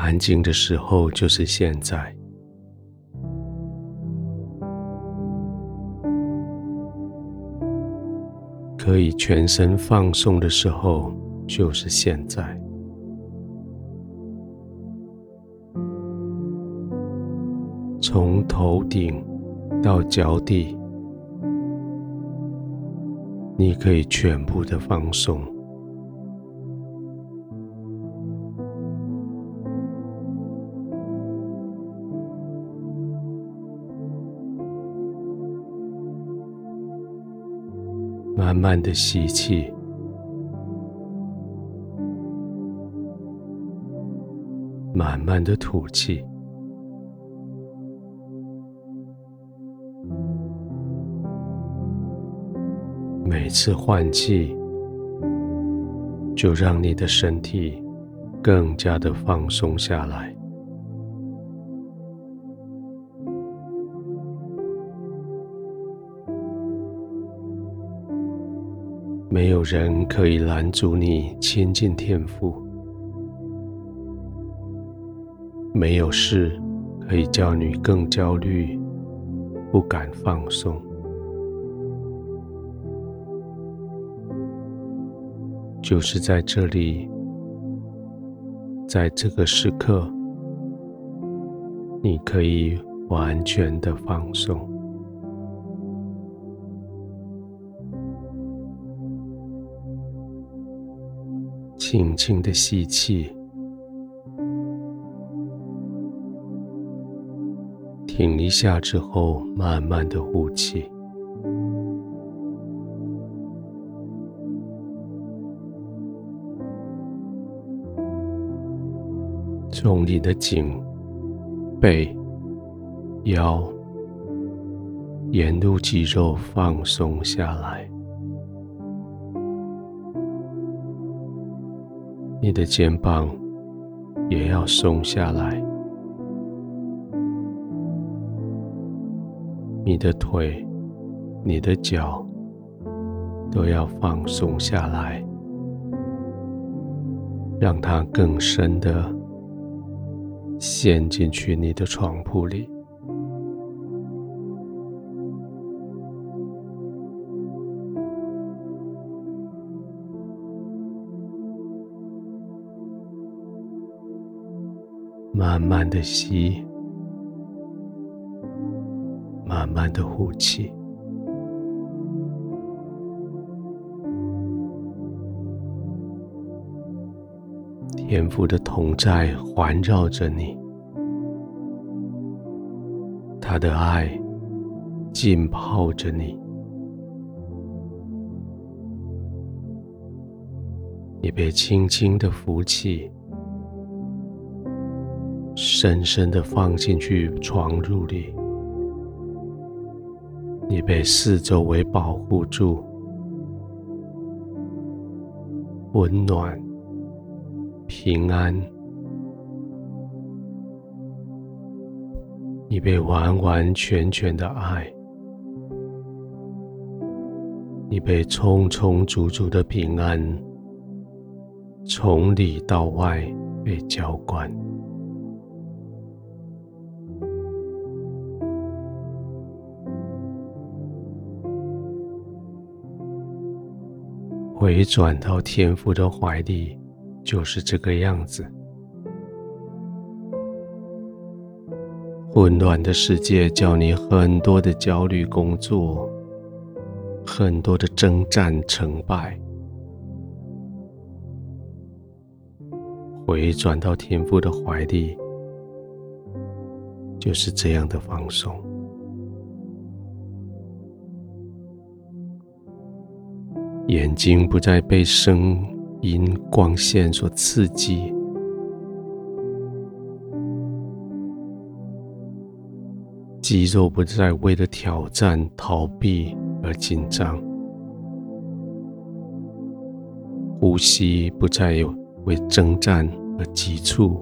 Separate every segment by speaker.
Speaker 1: 安靜的時候就是現在，可以全身放鬆的時候就是現在。從頭頂到腳底，你可以全部的放鬆。慢慢的吸氣，慢慢的吐氣，每次換氣，就讓你的身體更加的放鬆下來。沒有人可以攔阻你親近天父，沒有事可以叫你更焦慮、不敢放鬆。就是在這裡，在這個時刻，你可以完全的放鬆。輕輕的吸氣，停一下之後，慢慢的呼氣，從你的頸、背、腰沿路肌肉放鬆下來。你的肩膀也要鬆下來，你的腿、你的腳都要放鬆下來，讓它更深的陷進去你的床鋪裡。慢慢的吸，慢慢的呼氣。天父的同在環繞着你，他的愛浸泡着你，你被輕輕的扶起。深深的放進去，床褥裡，你被四周圍保護住，溫暖、平安。你被完完全全的愛，你被充充足足的平安，從裡到外被澆灌。回轉到天父的懷裡，就是這個樣子。混亂的世界叫你很多的焦慮工作，很多的征戰成敗。回轉到天父的懷裡，就是這樣的放鬆。眼睛不再被聲音、光線所刺激，肌肉不再為了挑戰、逃避而緊張，呼吸不再為征戰而急促，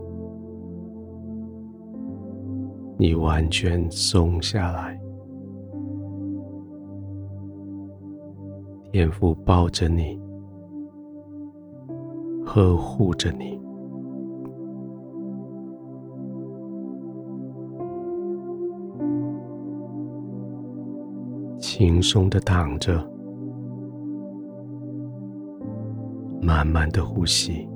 Speaker 1: 你完全鬆下來。天父抱着你，呵護着你，輕鬆的躺着，慢慢的呼吸。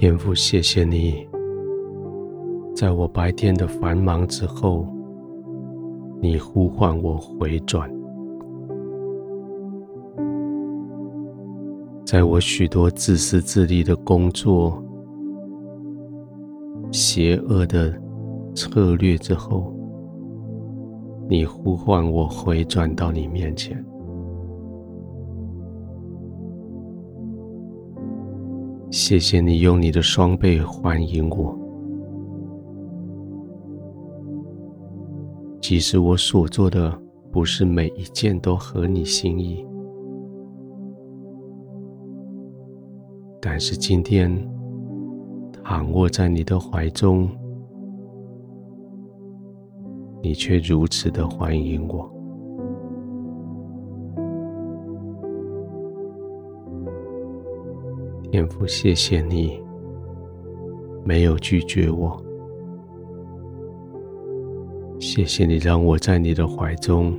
Speaker 1: 天父，謝謝你。在我白天的繁忙之後，你呼喚我回轉；在我許多自私自利的工作、邪惡的策略之後，你呼喚我回轉到你面前。謝謝你用你的雙倍歡迎我。其實我所做的不是每一件都合你心意，但是今天躺臥在你的懷中，你卻如此的歡迎我，天父，謝謝你沒有拒絕我。謝謝你讓我在你的懷中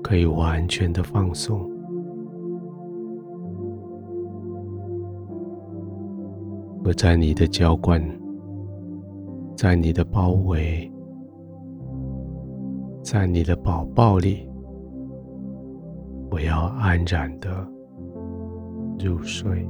Speaker 1: 可以完全的放鬆，我在你的澆灌，在你的包圍，在你的寶寶裡，我要安然的入睡。